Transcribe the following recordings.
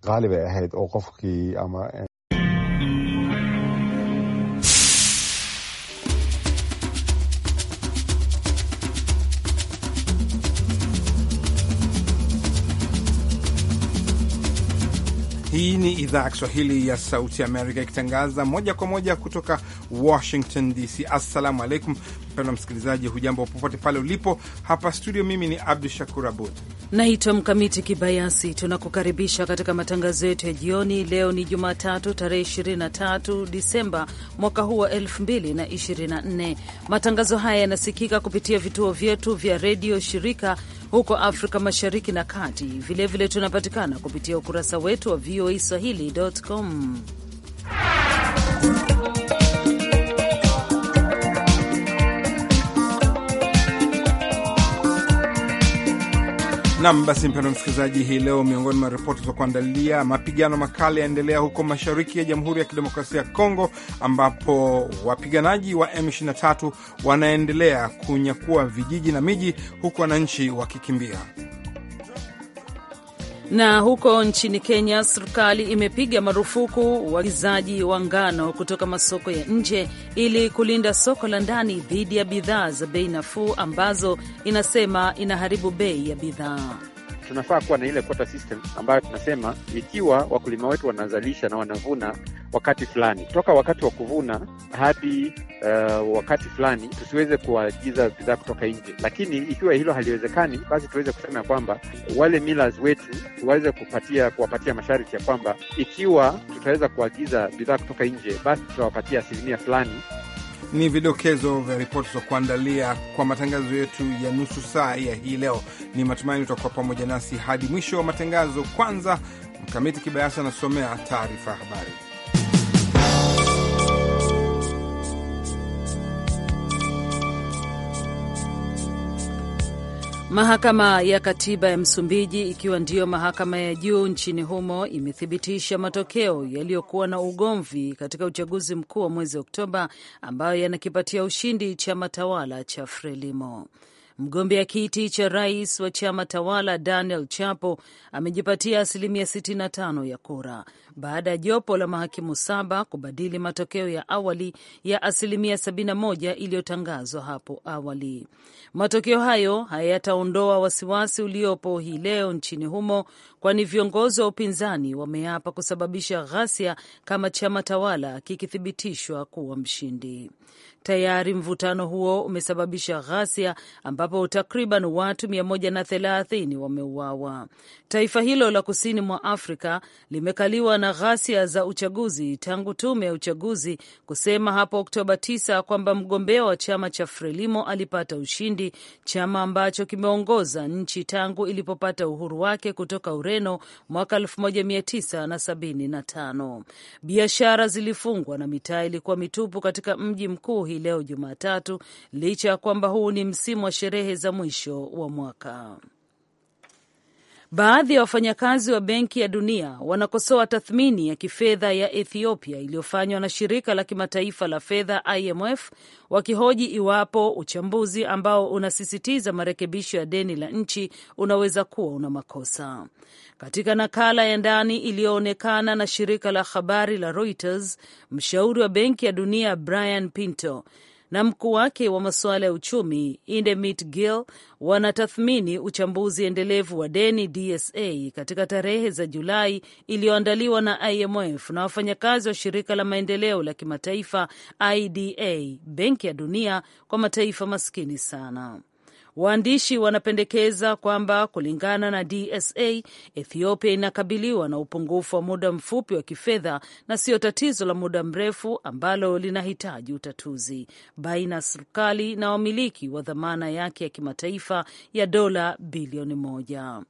qaali ahayd oo qofkii ama Hii ni idhaa ya Kiswahili ya Sauti Amerika ikitangaza moja kwa moja kutoka Washington DC. Assalamu alaikum mpendwa msikilizaji, hujambo popote pale ulipo. Hapa studio, mimi ni Abdu Shakur Abud Naitwa Mkamiti Kibayasi. Tunakukaribisha katika matangazo yetu ya jioni. Leo ni Jumatatu, tarehe 23 Disemba mwaka huu wa 2024. Matangazo haya yanasikika kupitia vituo vyetu vya redio shirika huko Afrika Mashariki na Kati. Vilevile tunapatikana kupitia ukurasa wetu wa VOA Swahili.com. Nam basi, mpendo msikilizaji, hii leo miongoni mwa ripoti za kuandalia, mapigano makali yaendelea huko mashariki ya Jamhuri ya Kidemokrasia ya Kongo, ambapo wapiganaji wa M23 wanaendelea kunyakua vijiji na miji, huku wananchi wakikimbia. Na huko nchini Kenya, serikali imepiga marufuku uagizaji wa ngano kutoka masoko ya nje ili kulinda soko la ndani dhidi ya bidhaa za bei nafuu ambazo inasema inaharibu bei ya bidhaa tunafaa kuwa na ile quota system ambayo tunasema ikiwa wakulima wetu wanazalisha na wanavuna wakati fulani, toka wakati wa kuvuna hadi uh, wakati fulani, tusiweze kuagiza bidhaa kutoka nje. Lakini ikiwa hilo haliwezekani, basi tuweze kusema ya kwamba wale millers wetu tuweze kupatia kuwapatia masharti ya kwamba ikiwa tutaweza kuagiza bidhaa kutoka nje, basi tutawapatia asilimia fulani ni vidokezo vya ripoti za kuandalia kwa matangazo yetu ya nusu saa ya hii leo. Ni matumaini utakuwa pamoja nasi hadi mwisho wa matangazo. Kwanza Mkamiti Kibayasi anasomea taarifa ya habari. Mahakama ya Katiba ya Msumbiji ikiwa ndiyo mahakama ya juu nchini humo imethibitisha matokeo yaliyokuwa na ugomvi katika uchaguzi mkuu wa mwezi Oktoba ambayo yanakipatia ushindi chama tawala cha Frelimo. Mgombea kiti cha rais wa chama tawala Daniel Chapo amejipatia asilimia 65 ya kura baada ya jopo la mahakimu saba kubadili matokeo ya awali ya asilimia 71 iliyotangazwa hapo awali. Matokeo hayo hayataondoa wasiwasi uliopo hii leo nchini humo kwani viongozi wa upinzani wameapa kusababisha ghasia kama chama tawala kikithibitishwa kuwa mshindi. Tayari mvutano huo umesababisha ghasia ambapo takriban watu 130 wameuawa. Taifa hilo la kusini mwa Afrika limekaliwa na ghasia za uchaguzi tangu tume ya uchaguzi kusema hapo Oktoba 9 kwamba mgombea wa chama cha Frelimo alipata ushindi, chama ambacho kimeongoza nchi tangu ilipopata uhuru wake kutoka ure Ureno mwaka 1975. Biashara zilifungwa na mitaa ilikuwa mitupu katika mji mkuu hii leo Jumatatu, licha ya kwamba huu ni msimu wa sherehe za mwisho wa mwaka. Baadhi ya wafanyakazi wa Benki ya Dunia wanakosoa tathmini ya kifedha ya Ethiopia iliyofanywa na shirika la kimataifa la fedha IMF, wakihoji iwapo uchambuzi ambao unasisitiza marekebisho ya deni la nchi unaweza kuwa una makosa. Katika nakala ya ndani iliyoonekana na shirika la habari la Reuters, mshauri wa Benki ya Dunia Brian Pinto na mkuu wake wa masuala ya uchumi Indemit Gill wanatathmini uchambuzi endelevu wa deni DSA katika tarehe za Julai iliyoandaliwa na IMF na wafanyakazi wa shirika la maendeleo la kimataifa IDA, Benki ya Dunia kwa mataifa maskini sana. Waandishi wanapendekeza kwamba kulingana na DSA, Ethiopia inakabiliwa na upungufu wa muda mfupi wa kifedha na sio tatizo la muda mrefu ambalo linahitaji utatuzi baina ya serikali na wamiliki wa dhamana yake ya kimataifa ya dola bilioni moja.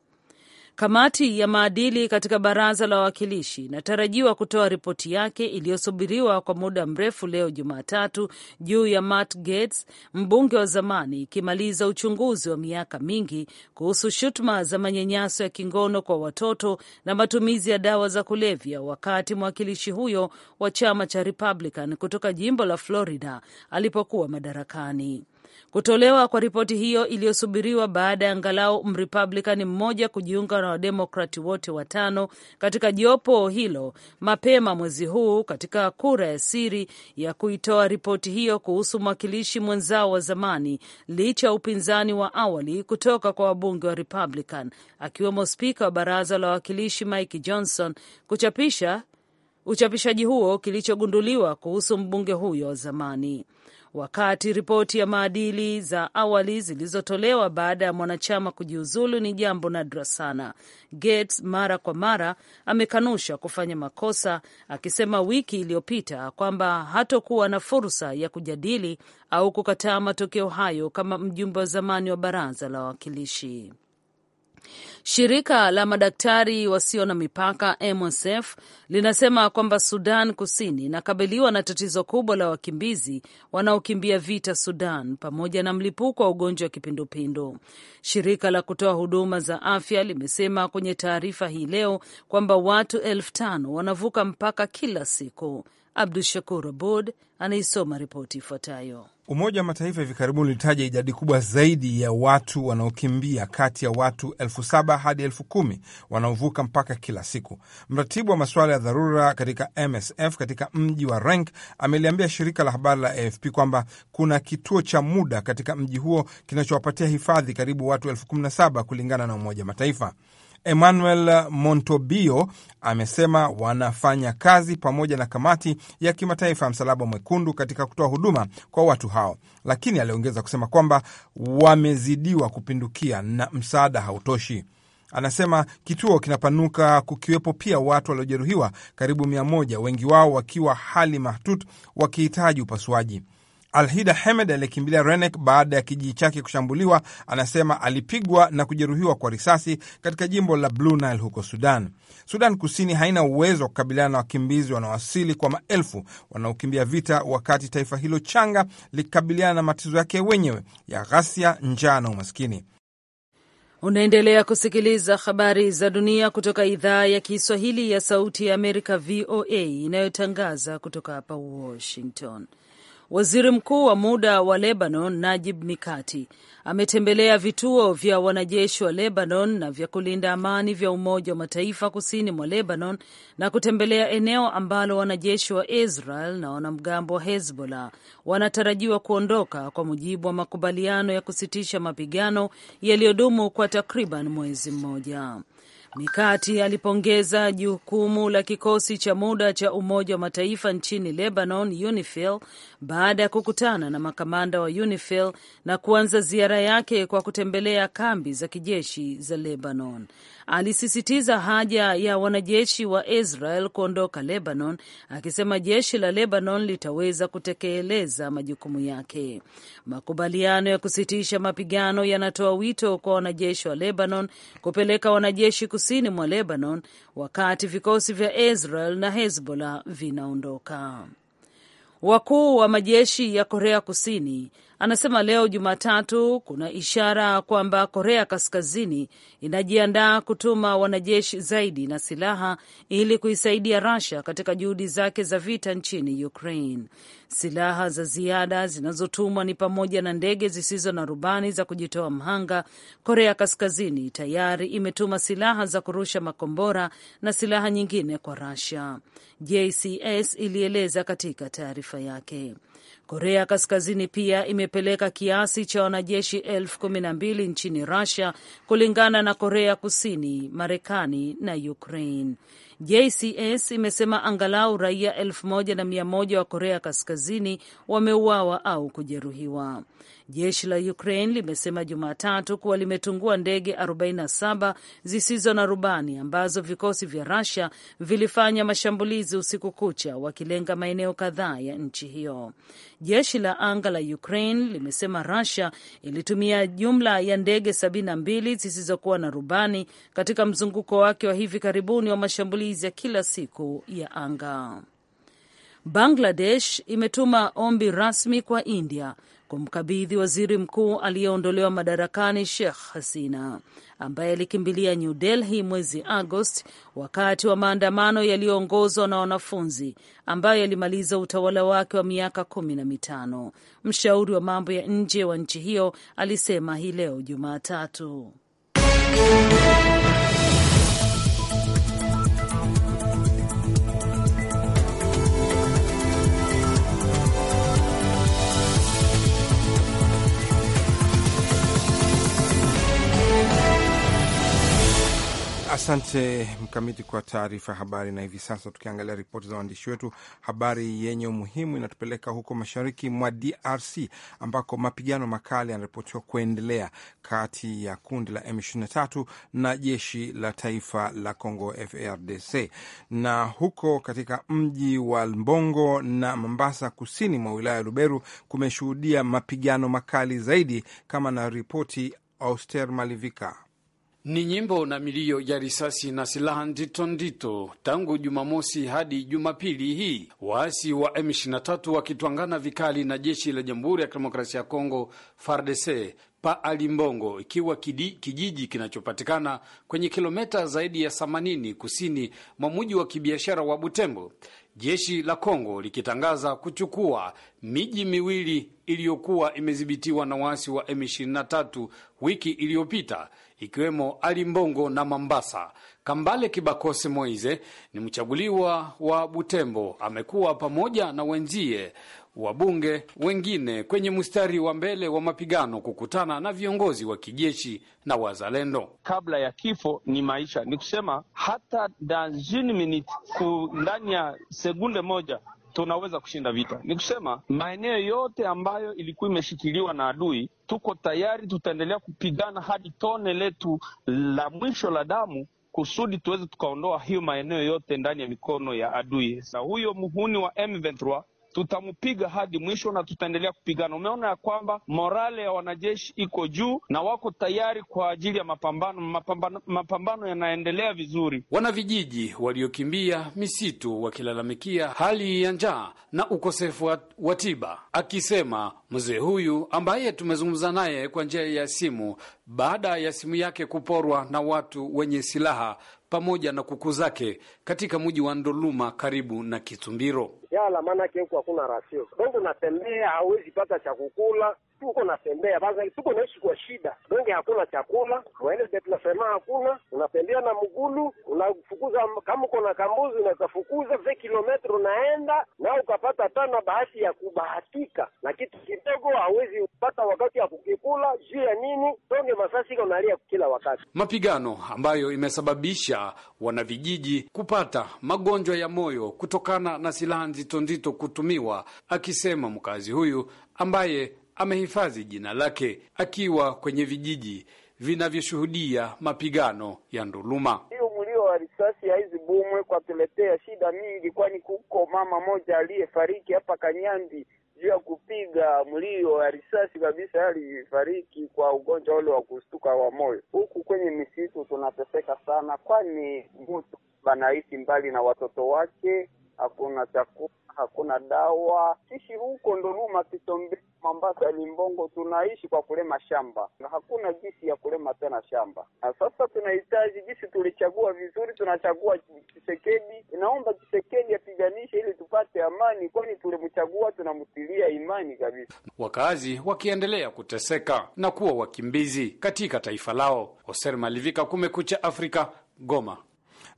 Kamati ya maadili katika baraza la wawakilishi inatarajiwa kutoa ripoti yake iliyosubiriwa kwa muda mrefu leo Jumatatu juu ya Matt Gates, mbunge wa zamani, ikimaliza uchunguzi wa miaka mingi kuhusu shutuma za manyanyaso ya kingono kwa watoto na matumizi ya dawa za kulevya, wakati mwakilishi huyo wa chama cha Republican kutoka jimbo la Florida alipokuwa madarakani. Kutolewa kwa ripoti hiyo iliyosubiriwa baada ya angalau Mrepublican mmoja kujiunga na wademokrati wote watano katika jopo hilo mapema mwezi huu katika kura ya siri ya kuitoa ripoti hiyo kuhusu mwakilishi mwenzao wa zamani, licha ya upinzani wa awali kutoka kwa wabunge wa Republican akiwemo spika wa baraza la wawakilishi Mike Johnson kuchapisha uchapishaji huo kilichogunduliwa kuhusu mbunge huyo wa zamani wakati ripoti ya maadili za awali zilizotolewa baada ya mwanachama kujiuzulu ni jambo nadra sana. Gates mara kwa mara amekanusha kufanya makosa, akisema wiki iliyopita kwamba hatokuwa na fursa ya kujadili au kukataa matokeo hayo kama mjumbe wa zamani wa baraza la wawakilishi. Shirika la madaktari wasio na mipaka MSF linasema kwamba Sudan Kusini inakabiliwa na tatizo kubwa la wakimbizi wanaokimbia vita Sudan, pamoja na mlipuko wa ugonjwa wa kipindupindu. Shirika la kutoa huduma za afya limesema kwenye taarifa hii leo kwamba watu elfu tano wanavuka mpaka kila siku. Abdu Shakur Abud anaisoma ripoti ifuatayo. Umoja wa Mataifa hivi karibuni ulitaja idadi kubwa zaidi ya watu wanaokimbia, kati ya watu elfu saba hadi elfu kumi wanaovuka mpaka kila siku. Mratibu wa masuala ya dharura katika MSF katika mji wa Renk ameliambia shirika la habari la AFP kwamba kuna kituo cha muda katika mji huo kinachowapatia hifadhi karibu watu elfu kumi na saba kulingana na Umoja wa Mataifa. Emmanuel Montobio amesema wanafanya kazi pamoja na kamati ya kimataifa ya Msalaba Mwekundu katika kutoa huduma kwa watu hao, lakini aliongeza kusema kwamba wamezidiwa kupindukia na msaada hautoshi. Anasema kituo kinapanuka kukiwepo pia watu waliojeruhiwa karibu mia moja, wengi wao wakiwa hali mahututi wakihitaji upasuaji. Alhida Hemed aliyekimbilia Renek baada ya kijiji chake kushambuliwa, anasema alipigwa na kujeruhiwa kwa risasi katika jimbo la Blue Nile huko Sudan. Sudan Kusini haina uwezo wa kukabiliana na wakimbizi wanaowasili kwa maelfu wanaokimbia vita, wakati taifa hilo changa likikabiliana na matatizo yake wenyewe ya ghasia, njaa na umaskini. Unaendelea kusikiliza habari za dunia kutoka idhaa ya Kiswahili ya Sauti ya Amerika, VOA, inayotangaza kutoka hapa Washington. Waziri mkuu wa muda wa Lebanon Najib Mikati ametembelea vituo vya wanajeshi wa Lebanon na vya kulinda amani vya Umoja wa Mataifa kusini mwa Lebanon na kutembelea eneo ambalo wanajeshi wa Israel na wanamgambo wa Hezbollah wanatarajiwa kuondoka kwa mujibu wa makubaliano ya kusitisha mapigano yaliyodumu kwa takriban mwezi mmoja. Mikati alipongeza jukumu la kikosi cha muda cha Umoja wa Mataifa nchini Lebanon, UNIFIL, baada ya kukutana na makamanda wa UNIFIL na kuanza ziara yake kwa kutembelea kambi za kijeshi za Lebanon alisisitiza haja ya wanajeshi wa Israel kuondoka Lebanon, akisema jeshi la Lebanon litaweza kutekeleza majukumu yake. Makubaliano ya kusitisha mapigano yanatoa wito kwa wanajeshi wa Lebanon kupeleka wanajeshi kusini mwa Lebanon wakati vikosi vya Israel na Hezbollah vinaondoka. Wakuu wa majeshi ya Korea Kusini anasema leo Jumatatu kuna ishara kwamba Korea Kaskazini inajiandaa kutuma wanajeshi zaidi na silaha ili kuisaidia Russia katika juhudi zake za vita nchini Ukraine. Silaha za ziada zinazotumwa ni pamoja na ndege zisizo na rubani za kujitoa mhanga. Korea Kaskazini tayari imetuma silaha za kurusha makombora na silaha nyingine kwa Russia, JCS ilieleza katika taarifa yake. Korea Kaskazini pia imepeleka kiasi cha wanajeshi elfu kumi na mbili nchini Russia kulingana na Korea Kusini, Marekani na Ukraine. JCS imesema angalau raia elfu moja na mia moja wa Korea Kaskazini wameuawa au kujeruhiwa. Jeshi la Ukraine limesema Jumatatu kuwa limetungua ndege 47 zisizo na rubani ambazo vikosi vya Russia vilifanya mashambulizi usiku kucha, wakilenga maeneo kadhaa ya nchi hiyo. Jeshi la anga la Ukraine limesema Russia ilitumia jumla ya ndege 72 zisizokuwa na rubani katika mzunguko wake wa hivi karibuni wa mashambulizi mashambulizi ya kila siku ya anga. Bangladesh imetuma ombi rasmi kwa India kumkabidhi waziri mkuu aliyeondolewa madarakani Sheikh Hasina ambaye alikimbilia New Delhi mwezi Agosti wakati wa maandamano yaliyoongozwa na wanafunzi ambayo yalimaliza utawala wake wa miaka kumi na mitano. Mshauri wa mambo ya nje wa nchi hiyo alisema hii leo Jumatatu. Asante Mkamiti kwa taarifa ya habari. Na hivi sasa tukiangalia ripoti za waandishi wetu, habari yenye umuhimu inatupeleka huko mashariki mwa DRC ambako mapigano makali yanaripotiwa kuendelea kati ya kundi la M23 na jeshi la taifa la Congo FARDC. Na huko katika mji wa Mbongo na Mambasa, kusini mwa wilaya ya Luberu, kumeshuhudia mapigano makali zaidi, kama na ripoti Auster Malivika. Ni nyimbo na milio ya risasi na silaha ndito ndito tangu Jumamosi hadi Jumapili hii, waasi wa M23 wakitwangana vikali na jeshi la Jamhuri ya Kidemokrasia ya Kongo FARDC pa Alimbongo, ikiwa kidi, kijiji kinachopatikana kwenye kilometa zaidi ya 80 kusini mwa mji wa kibiashara wa Butembo, jeshi la Kongo likitangaza kuchukua miji miwili iliyokuwa imedhibitiwa na waasi wa M23 wiki iliyopita ikiwemo Ali Mbongo na Mambasa. Kambale Kibakosi Moize ni mchaguliwa wa Butembo, amekuwa pamoja na wenzie wabunge wengine kwenye mstari wa mbele wa mapigano kukutana na viongozi wa kijeshi na wazalendo. Kabla ya kifo ni maisha, ni kusema hata ndani ya sekunde moja tunaweza kushinda vita. Ni kusema maeneo yote ambayo ilikuwa imeshikiliwa na adui, tuko tayari, tutaendelea kupigana hadi tone letu la mwisho la damu kusudi tuweze tukaondoa hiyo maeneo yote ndani ya mikono ya adui. Sa huyo muhuni wa M23 tutamupiga hadi mwisho na tutaendelea kupigana. Umeona ya kwamba morale ya wanajeshi iko juu na wako tayari kwa ajili ya mapambano. Mapambano, mapambano yanaendelea vizuri. Wanavijiji waliokimbia misitu wakilalamikia hali ya njaa na ukosefu wa tiba, akisema mzee huyu ambaye tumezungumza naye kwa njia ya simu baada ya simu yake kuporwa na watu wenye silaha pamoja na kuku zake katika mji wa Ndoluma karibu na Kitumbiro. Yala maanake huku hakuna rasio, bongo natembea, hawezi pata cha kukula tuko natembea baza tuko naishi kwa shida donge, hakuna chakula waende, tunasema hakuna, unatembea na mgulu, unafukuza kama uko na kambuzi unatafukuza ve kilometro unaenda na ukapata tana, bahati ya kubahatika na kitu kidogo hawezi kupata wakati ya kukikula, juu ya nini donge masasika unalia kila wakati. Mapigano ambayo imesababisha wanavijiji kupata magonjwa ya moyo kutokana na silaha nzito nzito kutumiwa, akisema mkazi huyu ambaye amehifadhi jina lake akiwa kwenye vijiji vinavyoshuhudia mapigano ya nduluma. Hiyo mlio wa risasi ya hizi bumwe kwatuletea shida mingi, kwani kuko mama moja aliyefariki hapa Kanyambi juu ya kupiga mlio wa risasi kabisa, alifariki kwa ugonjwa ule wa kustuka wa moyo. Huku kwenye misitu tunateseka sana, kwani mtu banaishi mbali na watoto wake hakuna chakula, hakuna dawa. Sisi huko Ndoluma, Kitombe, Mambasa, Limbongo tunaishi kwa kulema shamba, na hakuna jinsi ya kulema tena shamba. Na sasa tunahitaji jinsi, tulichagua vizuri, tunachagua Chisekedi. Inaomba Chisekedi apiganishe ili tupate amani, kwani tulimchagua, tunamtilia imani kabisa. Wakazi wakiendelea kuteseka na kuwa wakimbizi katika taifa lao. Hoser Malivika, Kumekucha Afrika, Goma.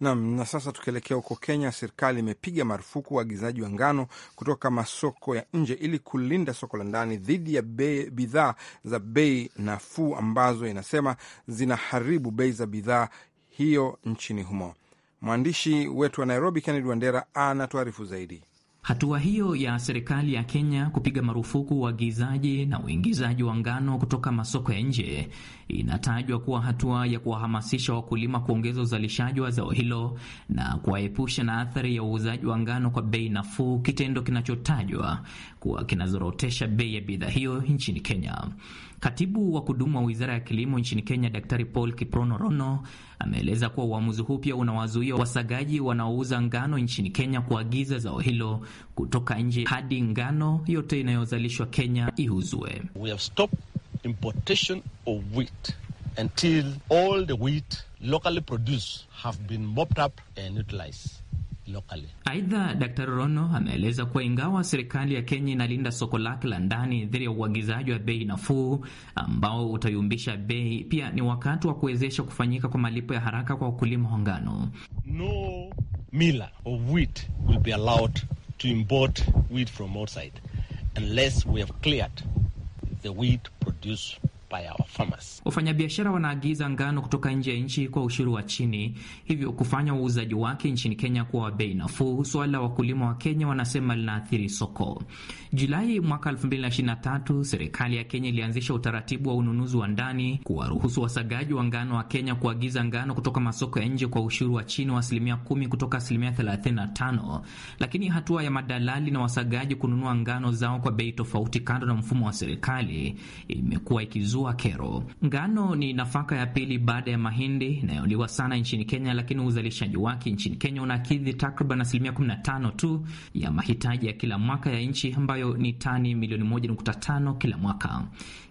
Nam. Na sasa tukielekea huko Kenya, serikali imepiga marufuku uagizaji wa ngano kutoka masoko ya nje ili kulinda soko la ndani dhidi ya bidhaa za bei nafuu ambazo inasema zinaharibu bei za bidhaa hiyo nchini humo. Mwandishi wetu wa Nairobi, Kennedy Wandera, anatuarifu zaidi. Hatua hiyo ya serikali ya Kenya kupiga marufuku uagizaji na uingizaji wa ngano kutoka masoko ya nje inatajwa kuwa hatua ya kuwahamasisha wakulima kuongeza uzalishaji wa zao hilo na kuwaepusha na athari ya uuzaji wa ngano kwa bei nafuu, kitendo kinachotajwa kuwa kinazorotesha bei ya bidhaa hiyo nchini Kenya. Katibu wa kudumu wa wizara ya kilimo nchini Kenya, Daktari Paul Kiprono Rono, ameeleza kuwa uamuzi huu pia unawazuia wasagaji wanaouza ngano nchini Kenya kuagiza zao hilo kutoka nje hadi ngano yote inayozalishwa Kenya iuzwe. Have been mopped up and utilized locally. Aidha, Dr. Rono ameeleza kuwa ingawa serikali ya Kenya inalinda soko lake la ndani dhidi ya uagizaji wa bei nafuu ambao utayumbisha bei, pia ni wakati wa kuwezesha kufanyika kwa malipo ya haraka kwa wakulima wa ngano. No miller of wheat will be allowed to import wheat from outside unless we have cleared the wheat produced Wafanyabiashara wanaagiza ngano kutoka nje ya nchi kwa ushuru wa chini, hivyo kufanya uuzaji wake nchini Kenya kuwa wa bei nafuu, suala wakulima wa Kenya wanasema linaathiri soko. Julai mwaka 2023 serikali ya Kenya ilianzisha utaratibu wa ununuzi wa ndani kuwaruhusu wasagaji wa ngano wa Kenya kuagiza ngano kutoka masoko ya nje kwa ushuru wa chini wa asilimia kumi kutoka asilimia 35, lakini hatua ya madalali na wasagaji kununua ngano zao kwa bei tofauti, kando na mfumo wa serikali, imekuwa ikizua wa kero. Ngano ni nafaka ya pili baada ya mahindi inayoliwa sana nchini Kenya, lakini uzalishaji wake nchini Kenya unakidhi takriban asilimia 15 tu ya mahitaji ya kila mwaka ya nchi ambayo ni tani milioni 1.5 kila mwaka.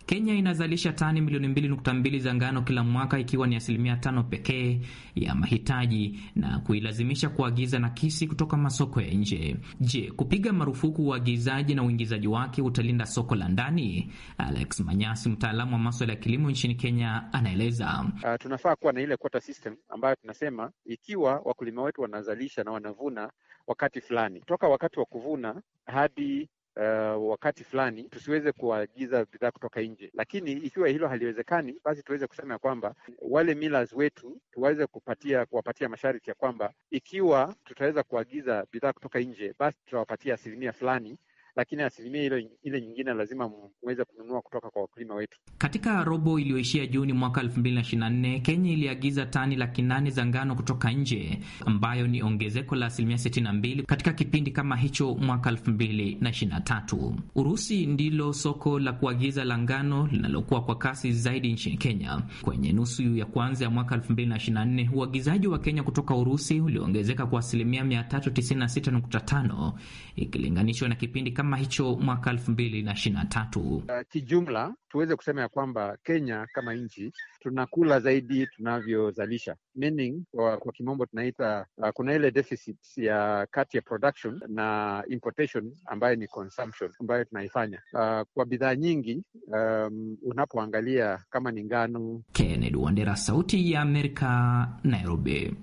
Kenya inazalisha tani milioni mbili nukta mbili za ngano kila mwaka, ikiwa ni asilimia tano pekee ya mahitaji na kuilazimisha kuagiza nakisi kutoka masoko ya nje. Je, kupiga marufuku uagizaji na uingizaji wake utalinda soko la ndani? Alex Manyasi, mtaalamu wa maswala ya kilimo nchini Kenya, anaeleza. Uh, tunafaa kuwa na ile quota system ambayo tunasema ikiwa wakulima wetu wanazalisha na wanavuna wakati fulani, toka wakati wa kuvuna hadi uh, wakati fulani tusiweze kuagiza bidhaa kutoka nje, lakini ikiwa hilo haliwezekani, basi tuweze kusema ya kwamba wale millers wetu tuweze kupatia kuwapatia masharti ya kwamba ikiwa tutaweza kuagiza bidhaa kutoka nje, basi tutawapatia asilimia fulani lakini asilimia ile, ile nyingine lazima muweze kununua kutoka kwa wakulima wetu. Katika robo iliyoishia Juni mwaka 2024 Kenya iliagiza tani laki nane za ngano kutoka nje ambayo ni ongezeko la asilimia 62 katika kipindi kama hicho mwaka 2023. Urusi ndilo soko la kuagiza la ngano linalokuwa kwa kasi zaidi nchini Kenya. Kwenye nusu ya kwanza ya mwaka 2024 uagizaji wa Kenya kutoka Urusi uliongezeka kwa asilimia 396.5 ikilinganishwa na kipindi kama kama hicho mwaka elfu mbili na ishirini na tatu. Uh, Kijumla tuweze kusema ya kwamba Kenya kama nchi tunakula zaidi tunavyozalisha, meaning kwa, kwa kimombo tunaita uh, kuna ile deficit ya kati ya production na importation ambayo ni consumption ambayo tunaifanya uh, kwa bidhaa nyingi um, unapoangalia kama ni ngano. Kennedy Wandera, Sauti ya Amerika, Nairobi.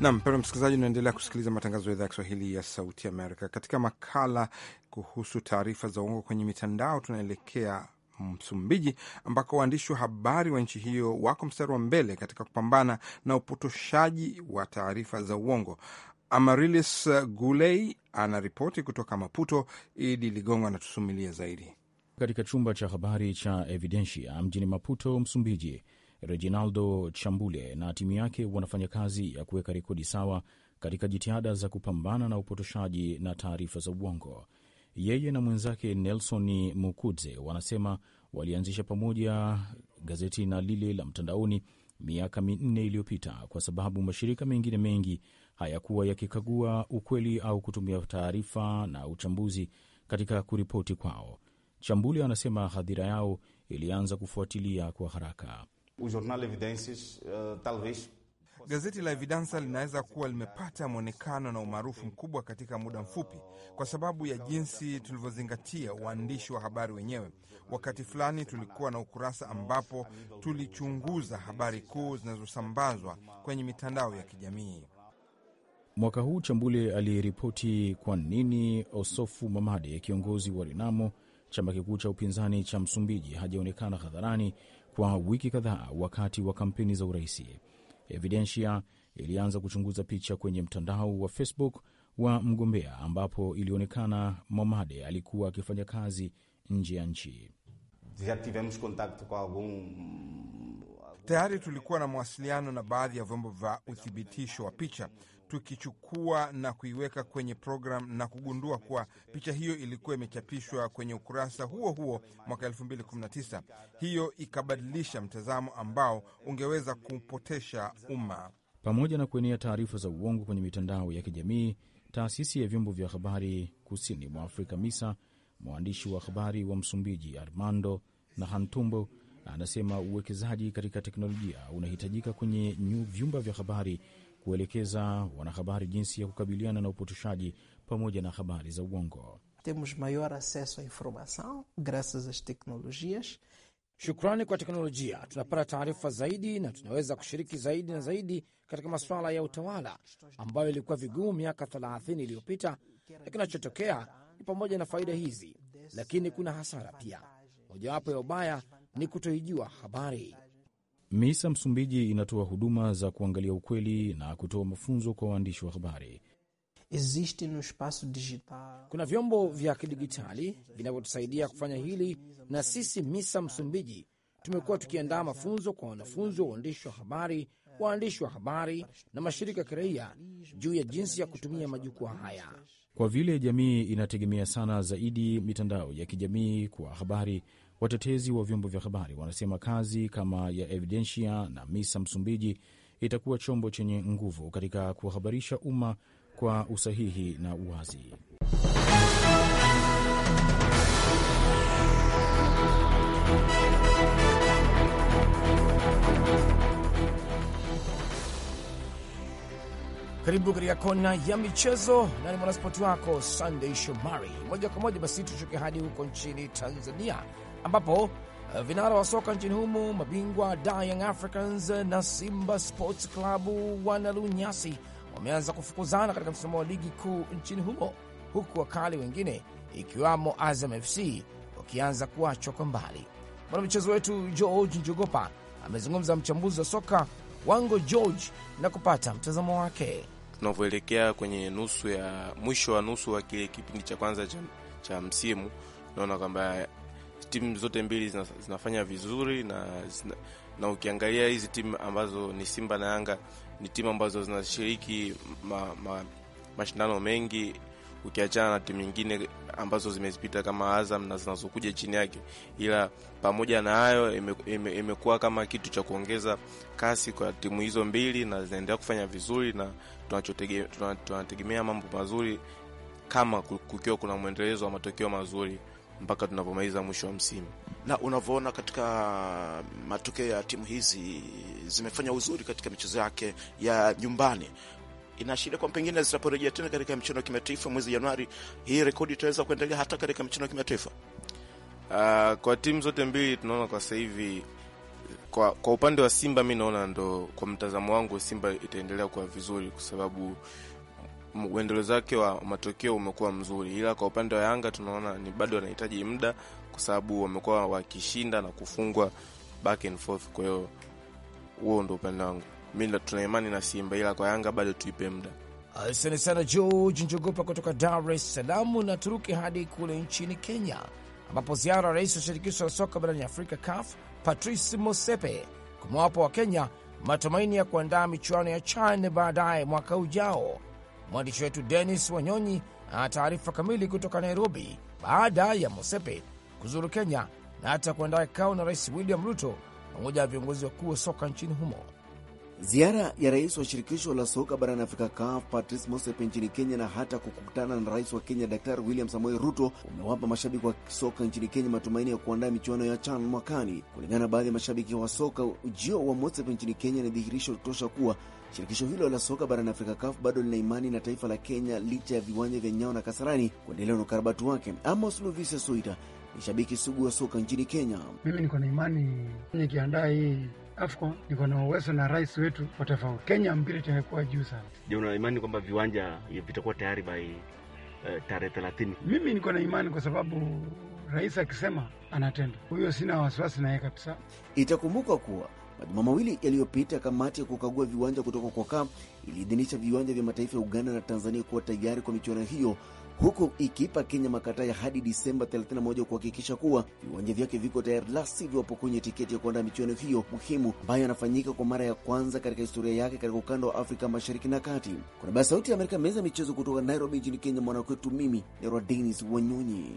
Nam mpendwa msikilizaji, unaendelea kusikiliza matangazo ya idhaa ya Kiswahili ya Sauti Amerika. Katika makala kuhusu taarifa za uongo kwenye mitandao, tunaelekea Msumbiji ambako waandishi wa habari wa nchi hiyo wako mstari wa mbele katika kupambana na upotoshaji wa taarifa za uongo. Amarilis Gulei anaripoti kutoka Maputo. Idi Ligongo anatusumilia zaidi. Katika chumba cha habari cha Evidentia mjini Maputo, Msumbiji, Reginaldo Chambule na timu yake wanafanya kazi ya kuweka rekodi sawa katika jitihada za kupambana na upotoshaji na taarifa za uongo. Yeye na mwenzake Nelson Mukudze wanasema walianzisha pamoja gazeti na lile la mtandaoni miaka minne iliyopita kwa sababu mashirika mengine mengi hayakuwa yakikagua ukweli au kutumia taarifa na uchambuzi katika kuripoti kwao. Chambuli anasema hadhira yao ilianza kufuatilia kwa haraka. O jornal Evidências, uh, eh, talvez Gazeti la Evidansa linaweza kuwa limepata mwonekano na umaarufu mkubwa katika muda mfupi kwa sababu ya jinsi tulivyozingatia waandishi wa habari wenyewe. Wakati fulani tulikuwa na ukurasa ambapo tulichunguza habari kuu zinazosambazwa kwenye mitandao ya kijamii. Mwaka huu Chambule aliripoti kwa nini Osofu Mamade, kiongozi wa Renamo, chama kikuu cha upinzani cha Msumbiji, hajaonekana hadharani kwa wiki kadhaa wakati wa kampeni za urais. evidentia ilianza kuchunguza picha kwenye mtandao wa Facebook wa mgombea ambapo ilionekana Momade alikuwa akifanya kazi nje ya nchi. Tayari tulikuwa na mawasiliano na baadhi ya vyombo vya uthibitisho wa picha tukichukua na kuiweka kwenye programu na kugundua kuwa picha hiyo ilikuwa imechapishwa kwenye ukurasa huo huo mwaka 2019. Hiyo ikabadilisha mtazamo ambao ungeweza kupotesha umma. Pamoja na kuenea taarifa za uongo kwenye mitandao ya kijamii, taasisi ya vyombo vya habari kusini mwa Afrika MISA, mwandishi wa habari wa Msumbiji Armando Nahantumbo anasema uwekezaji katika teknolojia unahitajika kwenye vyumba vya habari kuelekeza wanahabari jinsi ya kukabiliana na upotoshaji pamoja na habari za uongo. Temos maior acesso informação graças às tecnologias. Shukrani kwa teknolojia tunapata taarifa zaidi na tunaweza kushiriki zaidi na zaidi katika masuala ya utawala ambayo ilikuwa vigumu miaka 30 iliyopita, na kinachotokea ni pamoja na faida hizi, lakini kuna hasara pia. Mojawapo ya ubaya ni kutoijua habari. MISA Msumbiji inatoa huduma za kuangalia ukweli na kutoa mafunzo kwa waandishi wa habari. Kuna vyombo vya kidigitali vinavyotusaidia kufanya hili, na sisi MISA Msumbiji tumekuwa tukiandaa mafunzo kwa wanafunzi wa uandishi wa habari, waandishi wa habari na mashirika ya kiraia juu ya jinsi ya kutumia majukwaa haya. Kwa vile jamii inategemea sana zaidi mitandao ya kijamii kwa habari Watetezi wa vyombo vya habari wanasema kazi kama ya evidentia na Misa Msumbiji itakuwa chombo chenye nguvu katika kuhabarisha umma kwa usahihi na uwazi. Karibu katika kona ya michezo, na ni mwanaspoti wako Sunday Shomari. Moja kwa moja basi tushuke hadi huko nchini Tanzania ambapo eh, vinara wa soka nchini humo mabingwa Da Young Africans eh, na Simba Sports Club wanalunyasi wameanza kufukuzana katika msimamo wa ligi kuu nchini humo, huku wakali wengine ikiwamo Azam FC wakianza kuachwa kwa mbali. Mwanamchezo wetu George Njogopa amezungumza mchambuzi wa soka Wango George na kupata mtazamo wake. Tunavyoelekea kwenye nusu ya mwisho wa nusu wa kile kipindi cha kwanza cha, cha msimu, naona kwamba timu zote mbili zina, zinafanya vizuri na zina, na ukiangalia hizi timu ambazo ni Simba na Yanga ni timu ambazo zinashiriki ma, ma, mashindano mengi ukiachana na timu nyingine ambazo zimezipita kama Azam na zinazokuja chini yake, ila pamoja na hayo imekuwa ime, ime kama kitu cha kuongeza kasi kwa timu hizo mbili, na zinaendelea kufanya vizuri, na tunategemea mambo mazuri kama kukiwa kuna mwendelezo wa matokeo mazuri mpaka tunapomaliza mwisho wa msimu. Na unavyoona katika matokeo ya timu hizi zimefanya uzuri katika michezo yake ya nyumbani inaashiria kwamba pengine zitaporejea tena katika michezo ya kimataifa mwezi Januari, hii rekodi itaweza kuendelea hata katika michezo ya kimataifa. Uh, kwa timu zote mbili tunaona kwa sasa hivi kwa, kwa upande wa Simba mi naona ndo, kwa mtazamo wangu Simba itaendelea kuwa vizuri kwa sababu mwendelezo wake wa matokeo umekuwa mzuri, ila kwa upande wa Yanga tunaona ni bado wanahitaji muda, kwa sababu wamekuwa wakishinda na kufungwa back and forth. Kwa hiyo huo ndo upande wangu mi, tuna imani na Simba, ila kwa Yanga bado tuipe muda. Asante sana George Njogopa kutoka Dar es Salaam. Na turuki hadi kule nchini Kenya, ambapo ziara ya rais wa shirikisho la soka barani Afrika CAF Patrice Mosepe kumewapa wa Kenya matumaini ya kuandaa michuano ya CHAN baadaye mwaka ujao Mwandishi wetu Denis Wanyonyi ana taarifa kamili kutoka Nairobi baada ya Mosepe kuzuru Kenya na hata kuandaa kikao na Rais William Ruto pamoja na viongozi wakuu wa soka nchini humo. Ziara ya rais wa shirikisho la soka barani Afrika CAF Patrice Motsepe nchini Kenya na hata kukutana na rais wa Kenya Daktari William Samoei Ruto umewapa mashabiki wa soka nchini Kenya matumaini ya kuandaa michuano ya CHAN mwakani. Kulingana na baadhi ya mashabiki wa soka, ujio wa Motsepe nchini Kenya ni dhihirisho tosha kuwa shirikisho hilo la soka barani Afrika CAF bado lina imani na taifa la Kenya licha ya viwanja vya Nyao na Kasarani kuendelea na ukarabati wake. Amos Luvise Suita ni shabiki sugu wa soka nchini Kenya. Mimi niko na imani nikiandaa hii AFCON niko na uwezo na rais wetu taifa Kenya mpira itakuwa juu sana. Je, una imani kwamba viwanja vitakuwa tayari by uh, tarehe thelathini? Mimi niko na imani kwa sababu rais akisema anatenda, huyo sina wasiwasi naye kabisa. Itakumbukwa kuwa majuma mawili yaliyopita kamati ya kukagua viwanja kutoka kwa CAF iliidhinisha viwanja vya mataifa ya Uganda na Tanzania kuwa tayari kwa michuano hiyo huku ikipa Kenya makataa ya hadi Disemba 31 kuhakikisha kuwa viwanja vyake viko tayari, la sivyo wapokonye tiketi ya kuandaa michuano hiyo muhimu ambayo inafanyika kwa mara ya kwanza katika historia yake katika ukanda wa Afrika Mashariki na Kati. Kuna niaba Sauti ya Amerika, meza ya michezo kutoka Nairobi nchini Kenya, mwanakwetu mimi Nerwa Denis Wanyonyi.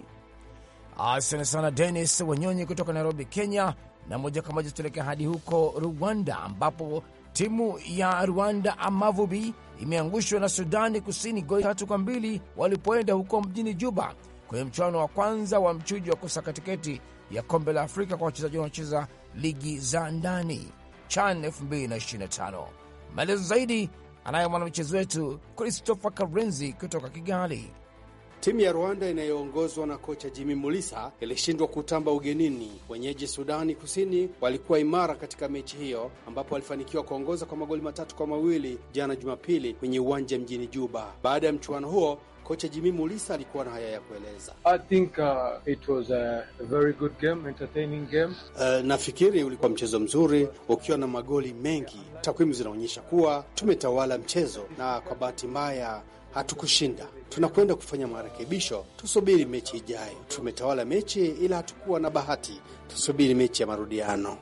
Asante sana Denis Wanyonyi kutoka Nairobi, Kenya. Na moja kwa moja tuelekea hadi huko Rwanda ambapo Timu ya Rwanda Amavubi imeangushwa na Sudani Kusini goli tatu kwa mbili walipoenda huko mjini Juba kwenye mchuano wa kwanza wa mchuji wa kusaka tiketi ya kombe la Afrika kwa wachezaji wanaocheza ligi za ndani CHAN 2025. Maelezo zaidi anayo mwanamchezo wetu Christopher Karenzi kutoka Kigali. Timu ya Rwanda inayoongozwa na kocha Jimmy Mulisa ilishindwa kutamba ugenini. Wenyeji Sudani Kusini walikuwa imara katika mechi hiyo, ambapo walifanikiwa kuongoza kwa magoli matatu kwa mawili jana Jumapili kwenye uwanja mjini Juba. Baada ya mchuano huo Kocha Jimmy Mulisa alikuwa na haya ya kueleza. I think, uh, it was a very good game, entertaining game. Uh, nafikiri ulikuwa mchezo mzuri ukiwa na magoli mengi. Takwimu zinaonyesha kuwa tumetawala mchezo na kwa bahati mbaya hatukushinda, tunakwenda kufanya marekebisho, tusubiri mechi ijayo. Tumetawala mechi ila hatukuwa na bahati, tusubiri mechi ya marudiano.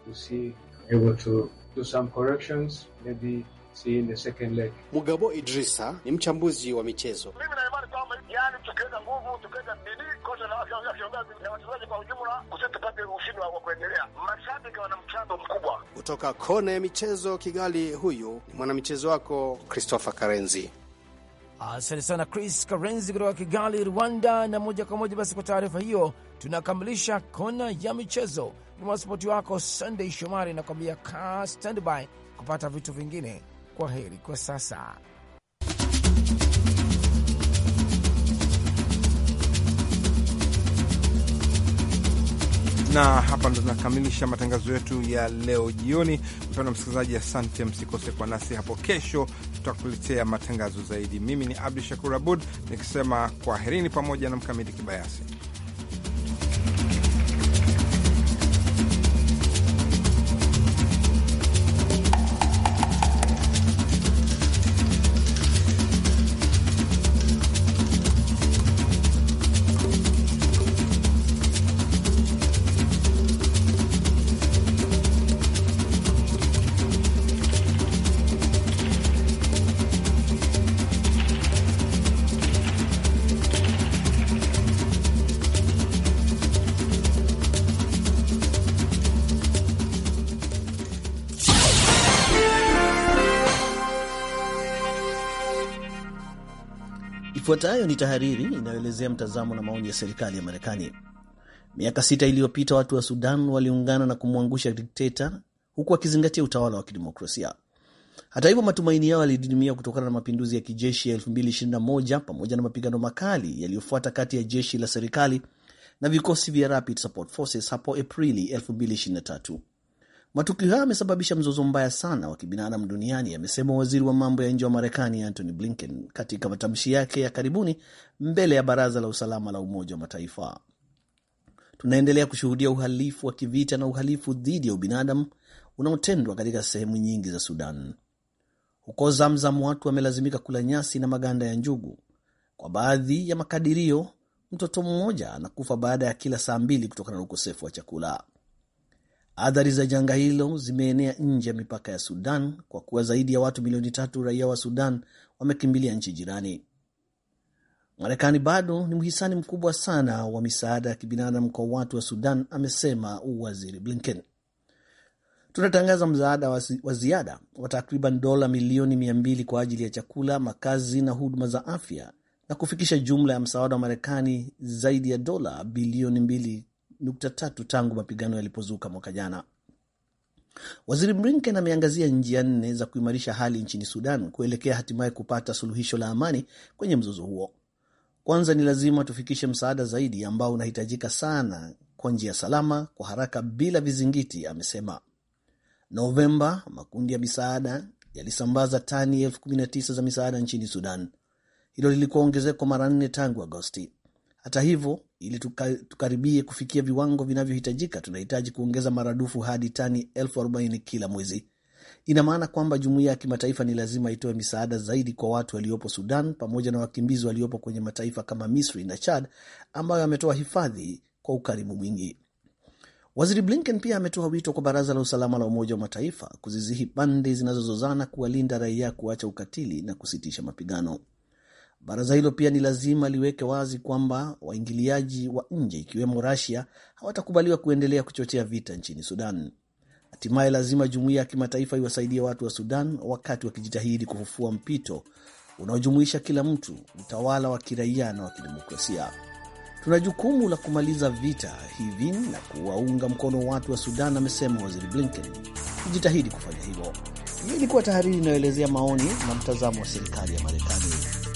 Mugabo Idrisa ni mchambuzi wa michezo. Mimi na imani kwamba yani, tukiweka nguvu, tukiweka bidii, kocha na viongozi na wachezaji kwa ujumla, kusema ushindi wa kuendelea. Mashabiki wana mchango mkubwa. Kutoka kona ya michezo Kigali, huyu ni mwanamichezo wako Christopher Karenzi. Asante sana Chris Karenzi kutoka Kigali, Rwanda. Na moja kwa moja basi, kwa taarifa hiyo tunakamilisha kona ya michezo. Ni mwanaspoti wako Sunday Shomari anakuambia kaa standby kupata vitu vingine. Kwa heri kwa sasa. na hapa ndo tunakamilisha matangazo yetu ya leo jioni. Mpendwa msikilizaji, asante, msikose kwa nasi hapo kesho tutakuletea matangazo zaidi. Mimi ni Abdu Shakur Abud nikisema kwaherini pamoja na Mkamiti Kibayasi. Ifuatayo ni tahariri inayoelezea mtazamo na maoni ya serikali ya Marekani. Miaka sita iliyopita watu wa Sudan waliungana na kumwangusha dikteta huku wakizingatia utawala wa kidemokrasia. Hata hivyo, matumaini yao yalididimia kutokana na mapinduzi ya kijeshi ya 2021 pamoja na mapigano makali yaliyofuata kati ya jeshi la serikali na vikosi vya Rapid Support Forces hapo Aprili Matukio hayo yamesababisha mzozo mbaya sana wa kibinadamu duniani, amesema waziri wa mambo ya nje wa Marekani Antony Blinken katika matamshi yake ya karibuni mbele ya Baraza la Usalama la Umoja wa Mataifa. Tunaendelea kushuhudia uhalifu wa kivita na uhalifu dhidi ya ubinadamu unaotendwa katika sehemu nyingi za Sudan. Huko Zamzam, watu wamelazimika kula nyasi na maganda ya njugu. Kwa baadhi ya makadirio, mtoto mmoja anakufa baada ya kila saa mbili kutokana na ukosefu wa chakula. Athari za janga hilo zimeenea nje ya mipaka ya Sudan kwa kuwa zaidi ya watu milioni tatu raia wa Sudan wamekimbilia nchi jirani. Marekani bado ni mhisani mkubwa sana wa misaada ya kibinadamu kwa watu wa Sudan, amesema Waziri Blinken. Tunatangaza msaada wa ziada wa takriban dola milioni mia mbili kwa ajili ya chakula, makazi na huduma za afya na kufikisha jumla ya msaada wa Marekani zaidi ya dola bilioni mbili nukta tatu tangu mapigano yalipozuka mwaka jana. Waziri Blinken ameangazia njia nne za kuimarisha hali nchini Sudan kuelekea hatimaye kupata suluhisho la amani kwenye mzozo huo. Kwanza, ni lazima tufikishe msaada zaidi ambao unahitajika sana kwa njia salama, kwa haraka, bila vizingiti, amesema. Novemba, makundi ya misaada yalisambaza tani elfu kumi na tisa za misaada nchini Sudan. Hilo lilikuwa ongezeko mara nne tangu Agosti. Hata hivyo, ili tukaribie kufikia viwango vinavyohitajika, tunahitaji kuongeza maradufu hadi tani elfu arobaini kila mwezi. Ina maana kwamba jumuiya ya kimataifa ni lazima itoe misaada zaidi kwa watu waliopo Sudan pamoja na wakimbizi waliopo kwenye mataifa kama Misri na Chad ambayo ametoa hifadhi kwa ukarimu mwingi. Waziri Blinken pia ametoa wito kwa Baraza la Usalama la Umoja wa Mataifa kuzizihi pande zinazozozana kuwalinda raia, kuacha ukatili na kusitisha mapigano. Baraza hilo pia ni lazima liweke wazi kwamba waingiliaji wa nje ikiwemo rasia hawatakubaliwa kuendelea kuchochea vita nchini Sudan. Hatimaye lazima jumuiya ya kimataifa iwasaidie watu wa Sudan wakati wakijitahidi kufufua mpito unaojumuisha kila mtu, utawala wa kiraia na wa kidemokrasia. Tuna jukumu la kumaliza vita hivi na kuwaunga mkono watu wa Sudan, amesema Waziri Blinken. Tujitahidi kufanya hivyo. Hiyo ilikuwa tahariri inayoelezea maoni na mtazamo wa serikali ya Marekani.